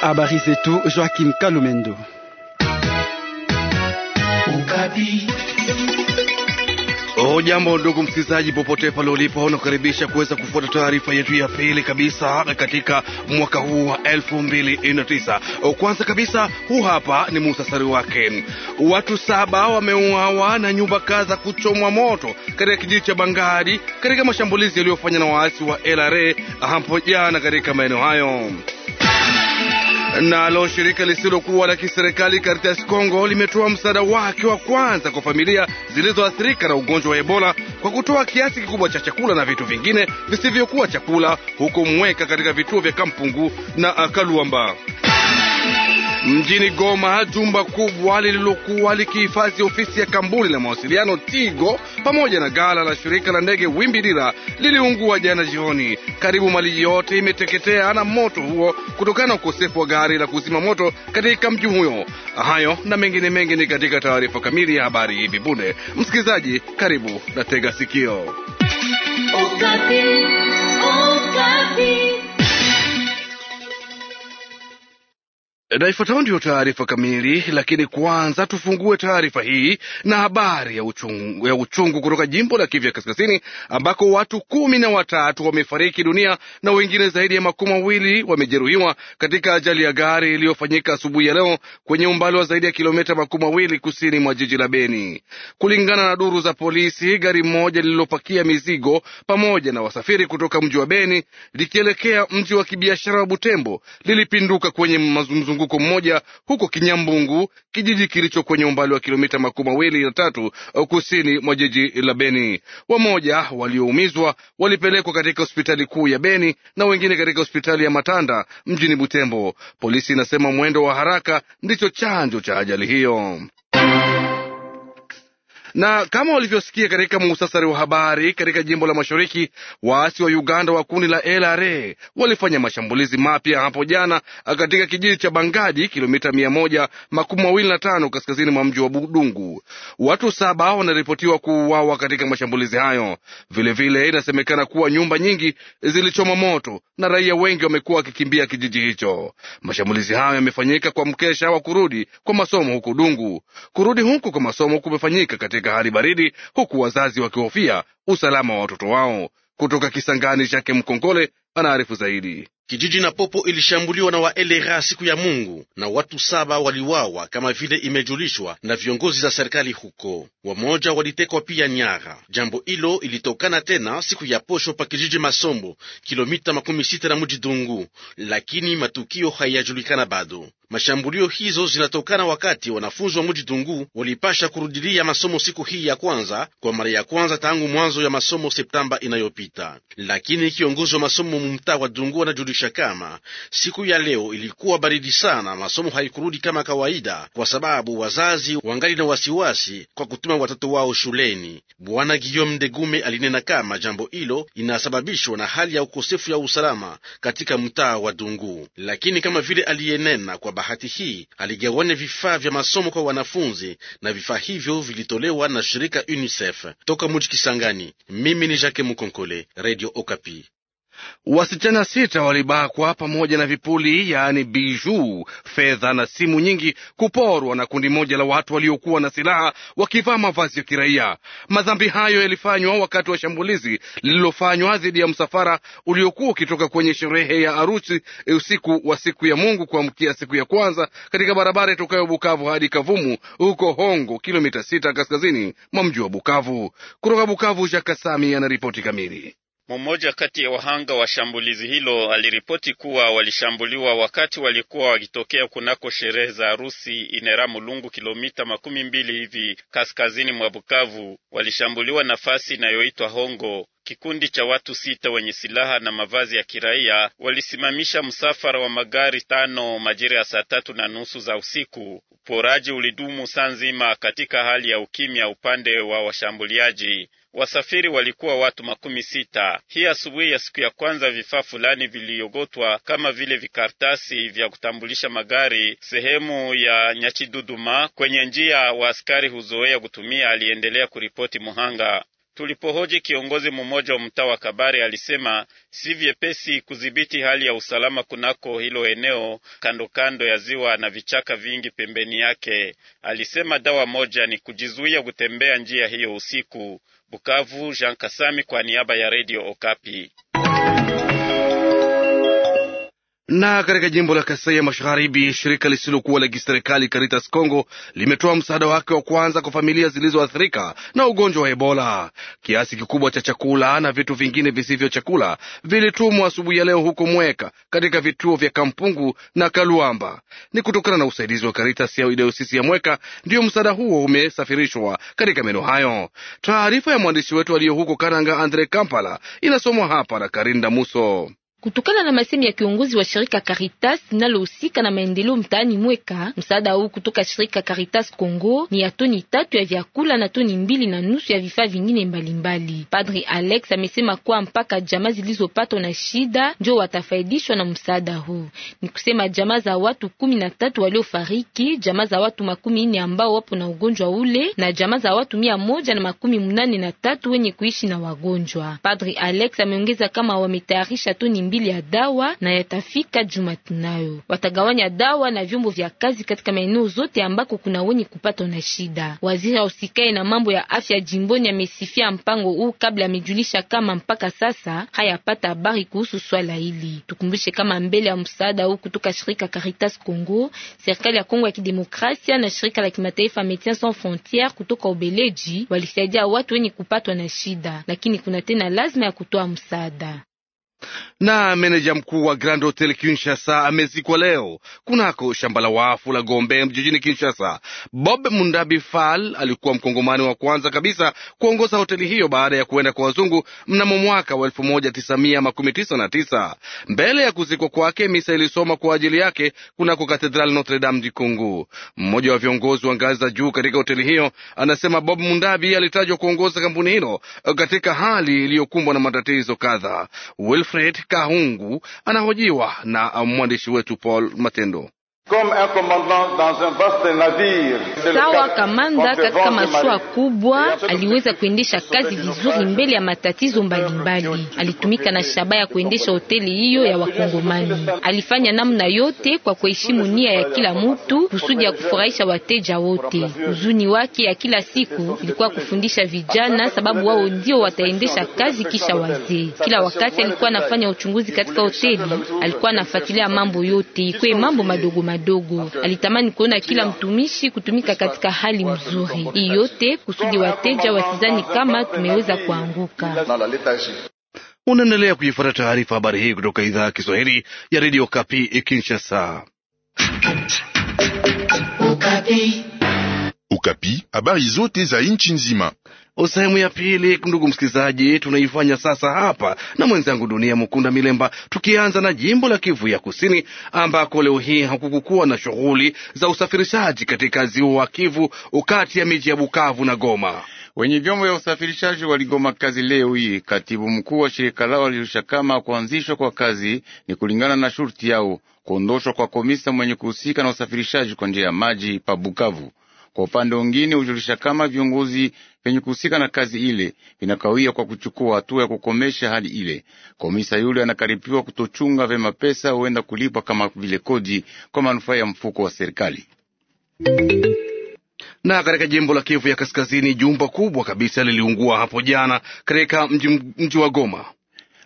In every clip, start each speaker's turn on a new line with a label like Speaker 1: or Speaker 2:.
Speaker 1: Habari zetu Joaquim Kalumendo
Speaker 2: Ukapi ujambo ndugu msikilizaji, popote pale ulipo, nakukaribisha kuweza kufuata taarifa yetu ya pili kabisa katika mwaka huu wa elfu mbili na tisa. Kwanza kabisa, huu hapa ni muhtasari wake. Watu saba wameuawa na nyumba kadha kuchomwa moto katika kijiji cha Bangari katika mashambulizi yaliyofanywa na waasi wa LRA hapo jana katika maeneo hayo. Nalo shirika lisilokuwa la kiserikali Caritas Congo limetoa msaada wake wa kwanza kwa familia zilizoathirika na ugonjwa wa Ebola kwa kutoa kiasi kikubwa cha chakula na vitu vingine visivyokuwa chakula huko Mweka katika vituo vya Kampungu na Kaluamba mjini Goma. Jumba kubwa lililokuwa likihifadhi ofisi ya kambuni la mawasiliano Tigo pamoja na gala la shirika la ndege Wimbirira liliungua jana jioni. Karibu mali yote imeteketea na moto huo kutokana na ukosefu wa gari la kuzima moto katika mji huyo. Hayo na mengine mengi ni katika taarifa kamili ya habari hivi punde. Msikilizaji, karibu na tega sikio
Speaker 3: Ukati, Ukati.
Speaker 2: na ifuatayo ndiyo taarifa kamili, lakini kwanza tufungue taarifa hii na habari ya uchungu, ya uchungu kutoka jimbo la Kivu ya Kaskazini ambako watu kumi na watatu wamefariki dunia na wengine zaidi ya makumi mawili wamejeruhiwa katika ajali ya gari iliyofanyika asubuhi ya leo kwenye umbali wa zaidi ya kilomita makumi mawili kusini mwa jiji la Beni. Kulingana na duru za polisi, gari moja lililopakia mizigo pamoja na wasafiri kutoka mji wa Beni likielekea mji wa kibiashara wa Butembo lilipinduka kwenye mazungumzo mzunguko mmoja huko Kinyambungu, kijiji kilicho kwenye umbali wa kilomita makumi mawili na tatu uh, kusini mwa jiji la Beni. Wamoja walioumizwa walipelekwa katika hospitali kuu ya Beni na wengine katika hospitali ya Matanda mjini Butembo. Polisi inasema mwendo wa haraka ndicho chanzo cha ajali hiyo. Na kama walivyosikia katika muhtasari wa habari, katika jimbo la mashariki waasi wa Uganda wa kundi la LRA walifanya mashambulizi mapya hapo jana katika kijiji cha Bangaji, kilomita mia moja makumi mawili na tano kaskazini mwa mji wa Budungu. Watu saba wanaripotiwa kuuawa katika mashambulizi hayo. Vilevile inasemekana kuwa nyumba nyingi zilichoma moto na raia wengi wamekuwa wakikimbia kijiji hicho. Mashambulizi hayo yamefanyika kwa mkesha wa kurudi kwa masomo huku Dungu. Kurudi huku kwa masomo kumefanyika katika katika hali baridi, huku wazazi wakihofia usalama wa watoto wao. Kutoka Kisangani, Jake Mkongole anaarifu zaidi. Kijiji na Popo ilishambuliwa na waelera siku ya
Speaker 4: Mungu na watu saba waliwawa, kama vile imejulishwa na viongozi za serikali huko. Wamoja walitekwa pia nyara. Jambo hilo ilitokana tena siku ya posho pa kijiji Masombo, kilomita makumi sita na muji Dungu, lakini matukio hayajulikana bado. Mashambulio hizo zinatokana wakati wanafunzi wa muji Dungu walipasha kurudilia masomo siku hii ya kwanza kwa mara ya kwanza tangu mwanzo ya masomo Septemba inayopita, lakini kiongozi wa masomo mumtaa wa Dungu anajulisha kujulisha kama siku ya leo ilikuwa baridi sana, masomo haikurudi kama kawaida, kwa sababu wazazi wangali na wasiwasi kwa kutuma watoto wao shuleni. Bwana Guillaume Degume alinena kama jambo hilo inasababishwa na hali ya ukosefu ya usalama katika mtaa wa Dungu, lakini kama vile aliyenena, kwa bahati hii aligawanya vifaa vya masomo kwa wanafunzi na vifaa hivyo vilitolewa na shirika UNICEF toka mji Kisangani. Mimi ni Jacques Mukonkole, Radio Okapi.
Speaker 2: Wasichana sita walibakwa pamoja na vipuli, yaani biju fedha na simu nyingi kuporwa na kundi moja la watu waliokuwa na silaha wakivaa mavazi ya kiraia. Madhambi hayo yalifanywa wakati wa shambulizi lililofanywa dhidi ya msafara uliokuwa ukitoka kwenye sherehe ya arusi e, usiku wa siku ya Mungu kuamkia siku ya kwanza katika barabara itokayo Bukavu hadi Kavumu huko Hongo, kilomita sita kaskazini mwa mji wa Bukavu. Kutoka Bukavu, Jakasami anaripoti kamili.
Speaker 5: Mmoja kati ya wahanga wa shambulizi hilo aliripoti kuwa walishambuliwa wakati walikuwa wakitokea kunako sherehe za harusi mulungu kilomita makumi mbili hivi kaskazini mwa Bukavu. Walishambuliwa nafasi inayoitwa Hongo. Kikundi cha watu sita wenye silaha na mavazi ya kiraia walisimamisha msafara wa magari tano majira ya saa tatu na nusu za usiku. Uporaji ulidumu saa nzima katika hali ya ukimya upande wa washambuliaji. Wasafiri walikuwa watu makumi sita. Hii asubuhi ya siku ya kwanza, vifaa fulani viliogotwa kama vile vikartasi vya kutambulisha magari sehemu ya Nyachiduduma kwenye njia wa askari huzoea kutumia, aliendelea kuripoti Muhanga. Tulipohoji kiongozi mmoja wa mtaa wa Kabare alisema si vyepesi kudhibiti hali ya usalama kunako hilo eneo kando kando ya ziwa na vichaka vingi pembeni yake. Alisema dawa moja ni kujizuia kutembea njia hiyo usiku. Bukavu, Jean Kasami kwa niaba ya Radio Okapi.
Speaker 2: Na katika jimbo la Kasai ya Magharibi, shirika lisilokuwa la kiserikali Caritas Congo limetoa msaada wake wa kwanza kwa familia zilizoathirika na ugonjwa wa Ebola. Kiasi kikubwa cha chakula na vitu vingine visivyo chakula vilitumwa asubuhi ya leo huko Mweka, katika vituo vya Kampungu na Kaluamba. Ni kutokana na usaidizi wa Caritas ya idayosisi ya Mweka ndiyo msaada huo umesafirishwa katika maeneo hayo. Taarifa ya mwandishi wetu aliyo huko Kananga, Andre Kampala, inasomwa hapa na Karinda Muso.
Speaker 6: Kutokana na masemi ya kiongozi wa shirika Caritas linalohusika na maendeleo mtaani Mweka, msaada huu kutoka shirika Caritas Congo ni ya toni tatu ya vyakula na toni mbili na nusu ya vifaa vingine mbalimbali. Padri Alex amesema kuwa mpaka jamaa zilizopatwa na shida ndio watafaidishwa na msaada huu, ni kusema jamaa za watu kumi na tatu waliofariki, jamaa za watu makumi nne ambao wapo na ugonjwa ule na jamaa za watu mia moja na makumi mnane na tatu wenye kuishi na wagonjwa. Padri Alex ameongeza kama wametayarisha toni mbili ya dawa na yatafika juma Watagawanya dawa na vyombo vya kazi katika maeneo zote ambako kuna wenye kupatwa na shida. Waziri usikae na mambo ya afya jimboni amesifia mpango huu kabla amejulisha kama mpaka sasa hayapata habari kuhusu swala hili. Tukumbushe kama mbele ya msaada huu kutoka shirika Caritas Congo, serikali ya Kongo ya Kidemokrasia na shirika la kimataifa Medecins Sans Frontieres kutoka Ubeleji walisaidia watu wenye kupatwa na shida, lakini kuna tena lazima ya kutoa msaada
Speaker 2: na meneja mkuu wa Grand Hotel Kinshasa amezikwa leo kunako shamba la wafu la Gombe jijini Kinshasa. Bob Mundabi Fall alikuwa mkongomani wa kwanza kabisa kuongoza hoteli hiyo baada ya kuenda kwa wazungu mnamo mwaka wa 1999. Mbele ya kuzikwa kwake, misa ilisoma kwa ajili yake kunako Katedral Notre Dame du Congo. Mmoja wa viongozi wa ngazi za juu katika hoteli hiyo anasema Bob Mundabi alitajwa kuongoza kampuni hilo katika hali iliyokumbwa na matatizo kadhaa. Wilfred Kahungu anahojiwa na mwandishi wetu Paul Matendo.
Speaker 3: Comme un commandant dans un vaste navire. Sawa kamanda katika mashua
Speaker 6: kubwa, aliweza kuendesha kazi vizuri mbele ya matatizo mbalimbali. Alitumika na shaba ya kuendesha hoteli hiyo ya Wakongomani. Alifanya namna yote kwa kuheshimu nia ya kila mtu kusudi ya kufurahisha wateja wote. Uzuni wake ya kila siku ilikuwa kufundisha vijana, sababu wao ndio wataendesha kazi kisha wazee. Kila wakati alikuwa anafanya uchunguzi katika hoteli, alikuwa anafuatilia mambo yote, ikwe mambo madogo madogo madogo. Alitamani kuona kila mtumishi kutumika katika hali mzuri, iyote kusudi wateja wasizani kama tumeweza kuanguka.
Speaker 2: Unaendelea kuifuata taarifa habari hii kutoka idhaa ya Kiswahili ya Radio Kapi Kinshasa. Ukapi, habari zote za nchi nzima Sehemu ya pili, ndugu msikilizaji, tunaifanya sasa hapa na mwenzangu Dunia Mukunda Milemba, tukianza na jimbo la Kivu ya Kusini ambako leo hii hakukukuwa
Speaker 3: na shughuli za usafirishaji katika ziwa Kivu kati ya miji ya Bukavu na Goma. Wenye vyombo vya usafirishaji waligoma kazi leo hii. Katibu mkuu wa shirika lao alirusha kama kuanzishwa kwa kazi ni kulingana na shurti yao, kuondoshwa kwa komisa mwenye kuhusika na usafirishaji kwa njia ya maji pa Bukavu. Kwa upande mwingine, hujulisha kama viongozi vyenye kuhusika na kazi ile vinakawia kwa kuchukua hatua ya kukomesha hali ile. Komisa yule anakaripiwa kutochunga vyema pesa huenda kulipwa kama vile kodi kwa manufaa ya mfuko wa serikali na katika jimbo la Kivu ya Kaskazini, jumba kubwa kabisa liliungua hapo jana katika mji wa Goma.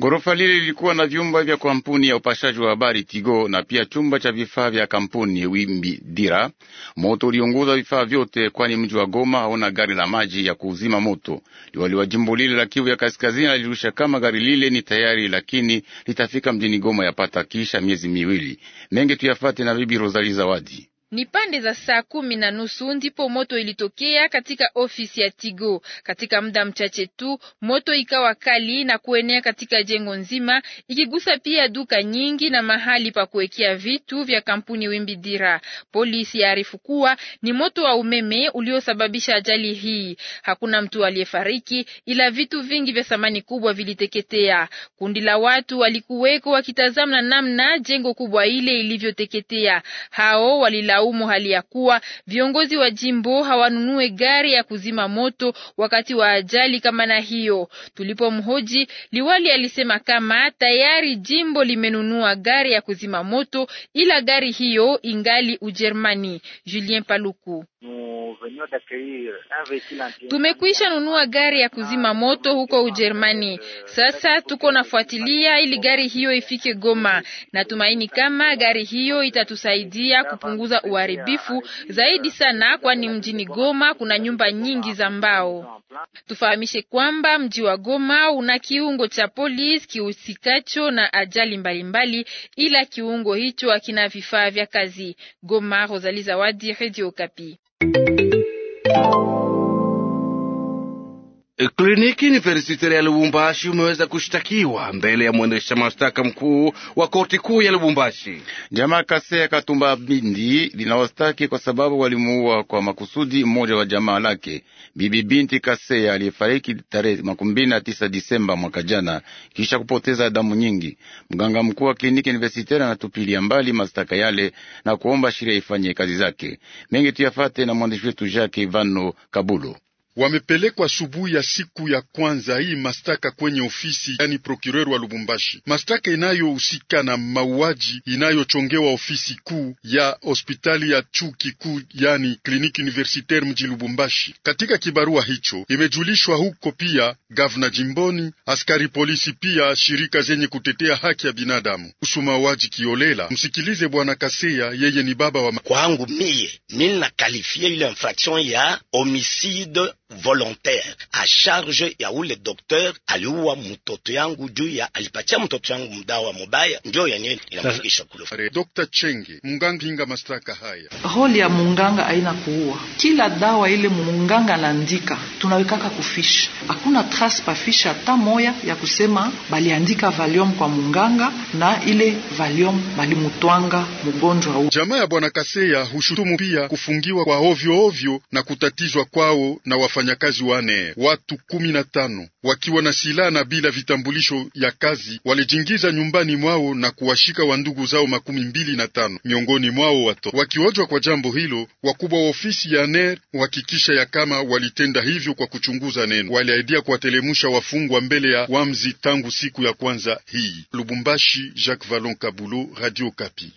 Speaker 3: Ghorofa lile lilikuwa na vyumba vya kampuni ya upashaji wa habari Tigo na pia chumba cha vifaa vya kampuni Wimbi Dira. Moto uliunguza vifaa vyote, kwani mji wa Goma hauna gari la maji ya kuuzima moto. Liwali wa jimbo lile la Kivu ya Kaskazini alirusha kama gari lile ni tayari, lakini litafika mjini Goma yapata kisha miezi miwili. Mengi tuyafate na Bibi Rozali Zawadi.
Speaker 7: Ni pande za saa kumi na nusu ndipo moto ilitokea katika ofisi ya Tigo. Katika muda mchache tu moto ikawa kali na kuenea katika jengo nzima, ikigusa pia duka nyingi na mahali pa kuwekea vitu vya kampuni Wimbi Dira. Polisi yaarifu kuwa ni moto wa umeme uliosababisha ajali hii. Hakuna mtu aliyefariki, ila vitu vingi vya thamani kubwa viliteketea. Kundi la watu walikuweko wakitazama namna jengo kubwa ile ilivyoteketea. Hao walila wanalaumu hali ya kuwa viongozi wa jimbo hawanunue gari ya kuzima moto wakati wa ajali kama na hiyo. Tulipomhoji liwali alisema kama tayari jimbo limenunua gari ya kuzima moto, ila gari hiyo ingali Ujerumani. Julien Paluku Tumekwisha nunua gari ya kuzima moto huko Ujerumani. Sasa tuko nafuatilia ili gari hiyo ifike Goma. Natumaini kama gari hiyo itatusaidia kupunguza uharibifu zaidi sana, kwani mjini Goma kuna nyumba nyingi za mbao. Tufahamishe kwamba mji wa Goma una kiungo cha polisi kihusikacho na ajali mbalimbali mbali, ila kiungo hicho hakina vifaa vya kazi. Goma, Rosali Zawadi, Radio Kapi. Thank you.
Speaker 2: Eh, kliniki universitaire ya Lubumbashi umeweza kushtakiwa mbele ya
Speaker 3: mwendesha mashtaka mkuu wa korti kuu ya Lubumbashi. Jamaa kaseya Katumba Bindi linawastaki kwa sababu walimuua kwa makusudi mmoja wa jamaa lake, bibi binti kaseya aliyefariki tarehe makumi na tisa Disemba mwaka jana kisha kupoteza damu nyingi. Mganga mkuu wa kliniki universitari anatupilia mbali mashtaka yale na kuomba sheria ifanye kazi zake. Mengi tuyafate na mwandishi wetu Jacques Vano Kabulo
Speaker 1: wamepelekwa asubuhi ya siku ya kwanza hii mastaka kwenye ofisi yani procureur wa Lubumbashi, mastaka inayohusika na mauaji inayochongewa ofisi kuu ya hospitali ya chuki kikuu yani kliniki universitaire mji Lubumbashi. Katika kibarua hicho imejulishwa huko pia gavna jimboni, askari polisi, pia shirika zenye kutetea haki ya binadamu kuhusu mauaji kiolela. Msikilize bwana Kaseya, yeye ni baba wa kwangu mie, mimi nakalifia ile infraction ya homicide
Speaker 4: volontaire a charge ya ule docteur aliua mtoto yangu juu ya alipatia
Speaker 1: mtoto yangu mdawa mubaya, ndio yenyewe inamfikisha kulofa. Dr. Chenge munganga pinga mashtaka
Speaker 3: haya. Holi ya munganga haina kuua, kila dawa ile munganga anaandika tunawekaka kufisha hakuna trace pafisha hata moya ya kusema baliandika valium kwa munganga na ile valium balimutwanga mgonjwa huyo. Jamaa ya bwana
Speaker 1: Kaseya hushutumu pia kufungiwa kwa ovyo ovyo na kutatizwa kwao na wafanyakazi wane watu kumi na tano wakiwa na silaha na bila vitambulisho ya kazi walijingiza nyumbani mwao na kuwashika wandugu zao makumi mbili na tano miongoni mwao wato. Wakiojwa kwa jambo hilo, wakubwa wa ofisi ya NER huhakikisha ya kama walitenda hivyo kwa kuchunguza neno wale ilisaidia kuwatelemusha wafungwa mbele ya wamzi tangu siku ya kwanza hii. Lubumbashi, Jacques vallon Kabulo, Radio Kapi.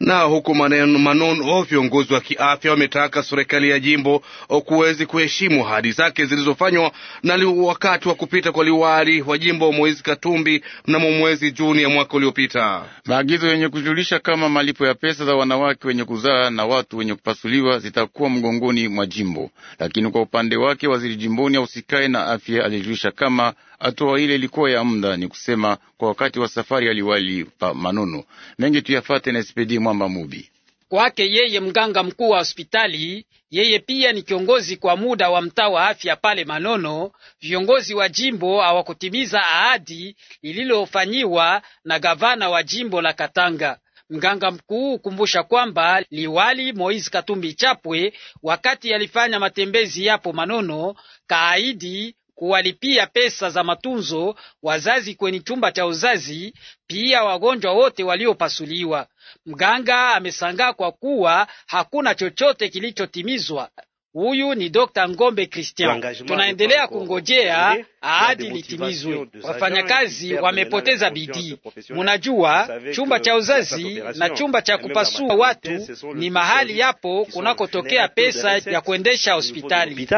Speaker 2: Na huku Manonoo, oh, viongozi wa kiafya wametaka serikali ya jimbo oh, kuwezi kuheshimu ahadi zake zilizofanywa na wakati wa kupita kwa liwali wa jimbo Moise Katumbi mnamo
Speaker 3: mwezi Juni ya mwaka uliopita. Maagizo yenye kujulisha kama malipo ya pesa za wanawake wenye kuzaa na watu wenye kupasuliwa zitakuwa mgongoni mwa jimbo, lakini kwa upande wake waziri jimboni ausikae na afya alijulisha kama Hatua ile ilikuwa ya muda, ni kusema kwa wakati wa safari pa manono mengi. Tuyafate na SPD mwamba mubi
Speaker 8: kwake yeye mganga mkuu wa hospitali, yeye pia ni kiongozi kwa muda wa mtaa wa afya pale Manono. Viongozi wa jimbo hawakutimiza ahadi lililofanyiwa na gavana wa jimbo la Katanga. Mganga mkuu hukumbusha kwamba liwali Moise Katumbi Chapwe, wakati alifanya matembezi yapo Manono, kaahidi kuwalipia pesa za matunzo wazazi kwenye chumba cha uzazi, pia wagonjwa wote waliopasuliwa. Mganga amesangaa kwa kuwa hakuna chochote kilichotimizwa. Huyu ni Dr. Ngombe Christian. Tunaendelea kungojea ahadi litimizwe. Wafanyakazi wamepoteza bidii. Munajua, chumba cha uzazi na chumba cha kupasua watu ni mahali yapo kunakotokea pesa ya kuendesha hospitali.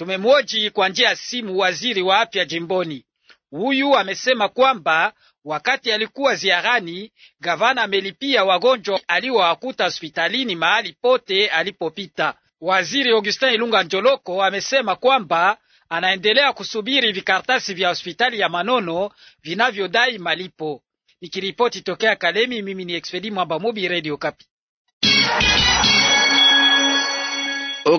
Speaker 8: Tumemwoji kwa njia ya simu waziri wa afya jimboni. Huyu amesema kwamba wakati alikuwa ziarani, gavana amelipia wagonjwa aliowakuta hospitalini mahali pote alipopita. Waziri Augustin Ilunga Njoloko amesema kwamba anaendelea kusubiri vikartasi vya hospitali ya Manono vinavyodai malipo. Nikiripoti tokea Kalemi, mimi ni Expedi Mwamba Mubi, Radio Kapi.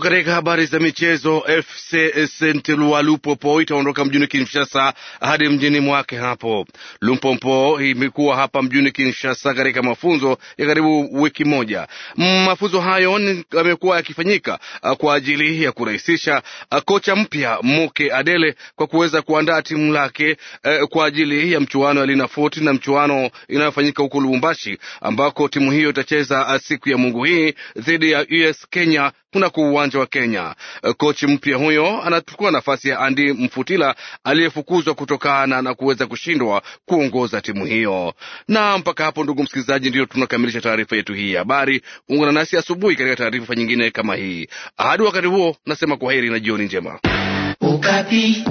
Speaker 2: Katika habari za michezo, FC Saint Eloi Lupopo itaondoka mjini Kinshasa hadi mjini mwake hapo. Lupopo imekuwa hapa mjini Kinshasa katika mafunzo ya karibu wiki moja. Mafunzo hayo yamekuwa yakifanyika kwa ajili ya kurahisisha kocha mpya Moke Adele kwa kuweza kuandaa timu lake e, kwa ajili ya mchuano ya Linafoot na mchuano inayofanyika huko Lubumbashi ambako timu hiyo itacheza siku ya Mungu hii dhidi ya US Kenya kuna ku uwanja wa Kenya. Eh, kochi mpya huyo anachukua nafasi ya Andi Mfutila aliyefukuzwa kutokana na kuweza kushindwa kuongoza timu hiyo. Na mpaka hapo, ndugu msikilizaji, ndio tunakamilisha taarifa yetu hii ya habari. Ungana nasi asubuhi katika taarifa nyingine kama hii. Hadi wakati huo, nasema kwa heri na jioni njema.
Speaker 8: Ukapi.